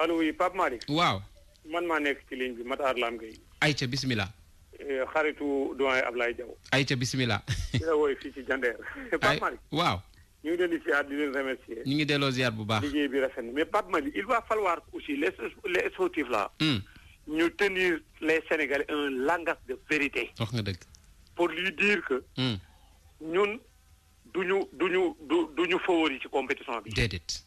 allo oui Pape waaw. man maa nekk ci ligne bi Matar Lam Gueye. ayca bisimilah. Eh, xaritu doyen Ablaye Diaw. ayca bisimilah. di la fii ci Jandeer. Pape waaw. ñu ngi leen di ngi delloo ziar bu baax. liggéey bi rafet na mais Pape Malick il va falloir aussi les les sportifs hmm. ñu tenir les Sénégalais un langage de vérité. wax nga dëgg. pour lui dire que. Hmm. ñun du ñu du ñu du ñu favori ci compétition bi. déedéet.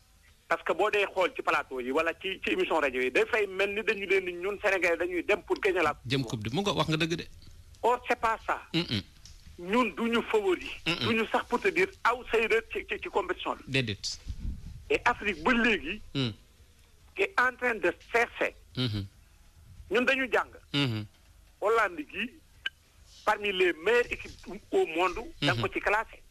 parce que boo dee xool ci plateau yi wala ci ci émission rajo yi dafay mel ni dañu leen ni ñun Sénégal dañuy dem pour gagner la. jëm coupe du mu nga wax nga dëgg de. or oh, c'est pas ça. ñun du ñu favori. du ñu sax pour te dire outsider ci ci ci compétition bi. déedéet. et Afrique ba léegi. Mm. est en train de chercher. Mm-hmm. ñun dañu jàng. Mm-hmm. Hollande gi parmi les meilleures équipes au monde. Mm-hmm. da nga ko ci classé.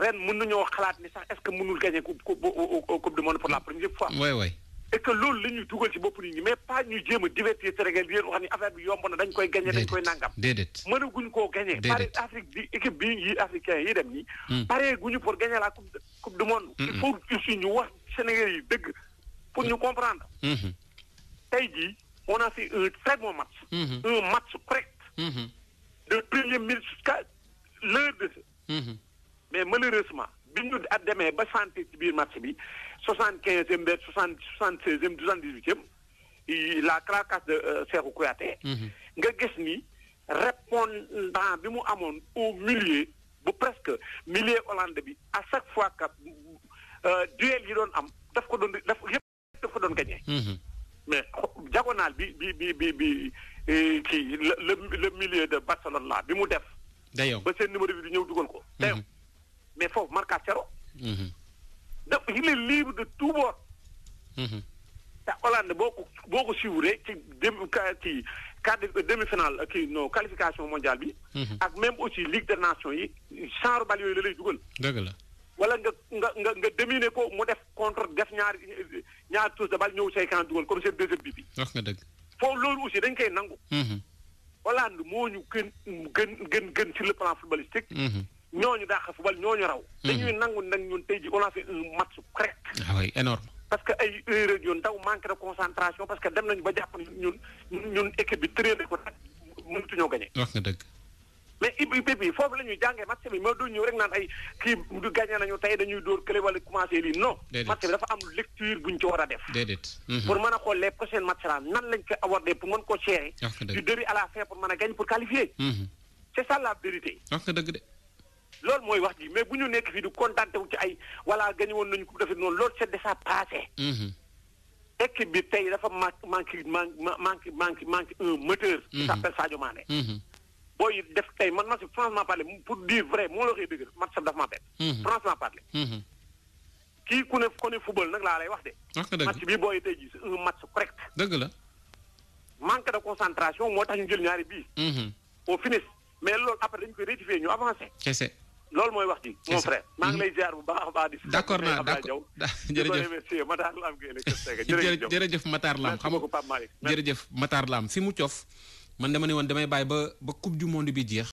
ren mën nañoo xalaat ni sax est-ce que mënul gagner coupe euh, euh, euh, coupe du monde pour la première fois. oui oui et que loolu la ñuy dugal ci bopp nit ñi mais pas ñu jéem a divertir Sénégal wax ni affaire bi yomb na dañ koy gagner dañ koy nangam. déedéet mënaguñ koo gagner. déedéet pare Afrique bi équipe bi yi africain yi dem nii. Hmm. pare guñu pour gagner la coupe coupe du monde. Hmm, il hmm. faut aussi ñu wax Sénégal yi dëgg pour ñu comprendre. tey jii on a fait un très bon match. un match correct. mais malheureusement bi ñu demee ba santé ci biir match bi soixante quinzième ba soixante soixante seizième soixante dix huitième la carcasse de euh, Cheikhou Kouyaté mhm. nga gis ni répondant bi mu amoon au milieu bu presque milieu hollandais bi à chaque fois que euh, duel yi doon am daf ko doon daf yëpp daf ko doon gagné mhm. mais diagonale bi bi bi bi bi euh, kii le le milieu de Barcelone la bi mu def ba seen numéro bi di ñëw dugal ko foofu Marcachero. Mhm. dafa il est libre de tout bord. Mhm. te Hollande boo ko boo ko suivre ci demi ci quart euh, demi finale euh, kii non qualification mondiale bi. Mhm. ak même aussi Ligue des Nations yi genre bal yooyu la lay dugal. dëgg la wala nga nga nga nga dominer ko mu def contre def ñaar ñaar touche de balle ñëw say camp dugal comme seen deuxième bi bi. wax nga dëgg. foofu loolu aussi dañ koy nangu. Hollande moo ñu gën gën gën gën sur le plan footballistique. ñooñu daax football ñooñu raw. Mm-hmm. dañuy nangu nag ñun tey ji on a fait un match correct. ah oui énorme. parce que ay erreur yu ndaw manque de concentration parce que dem nañu ba jàpp ñun ñun équipe bi tëree ko nag mënatuñoo gagné. wax nga dëgg. mais ibi bi foofu la ñuy jàngee match mi ma du ñëw rek naan ay kii du gagné nañu tey dañuy dóor kële wala commencé lii non. match bi dafa am lecture buñ ci war a def. Mm-hmm. pour mën a xool les prochaines matchs là nan lañ ko aborder pour mën koo gérer. du début à la pour mën a mm-hmm. la vérité. wax nga dëgg de. loolu mooy wax ji mais bu ñu nekk fii di contenté wu ci ay wala gañu woon nañu ko defee noonu loolu c'est déjà passé. Mhm. équipe bi tey dafa manqué manqué manqué manqué manqué un moteur. qui mhm. s'appelle Sadio Mané. Mhm. booy def tey man ma si franchement parler pour dire vrai moo la koy dëgg match dafa ma bett. franchement parler. kii ku ne ku ne football nag laa lay wax de. match bi booy tey jii c'est un match correct. dëgg la. manque de concentration moo tax ñu jël ñaari bii. au finish mais loolu après dañ koy rectifier ñu avancé. loolu mooy wax ji. mon frère ngi lay ziar bu baax a baax. d' accord naa d' accord jërëjëf jërëjëf Matar Lam xam nga ko Pape Malick jërëjëf Matar Lam fi mu cof man dama ne woon damay bàyyi ba ba coupe du monde bi jeex.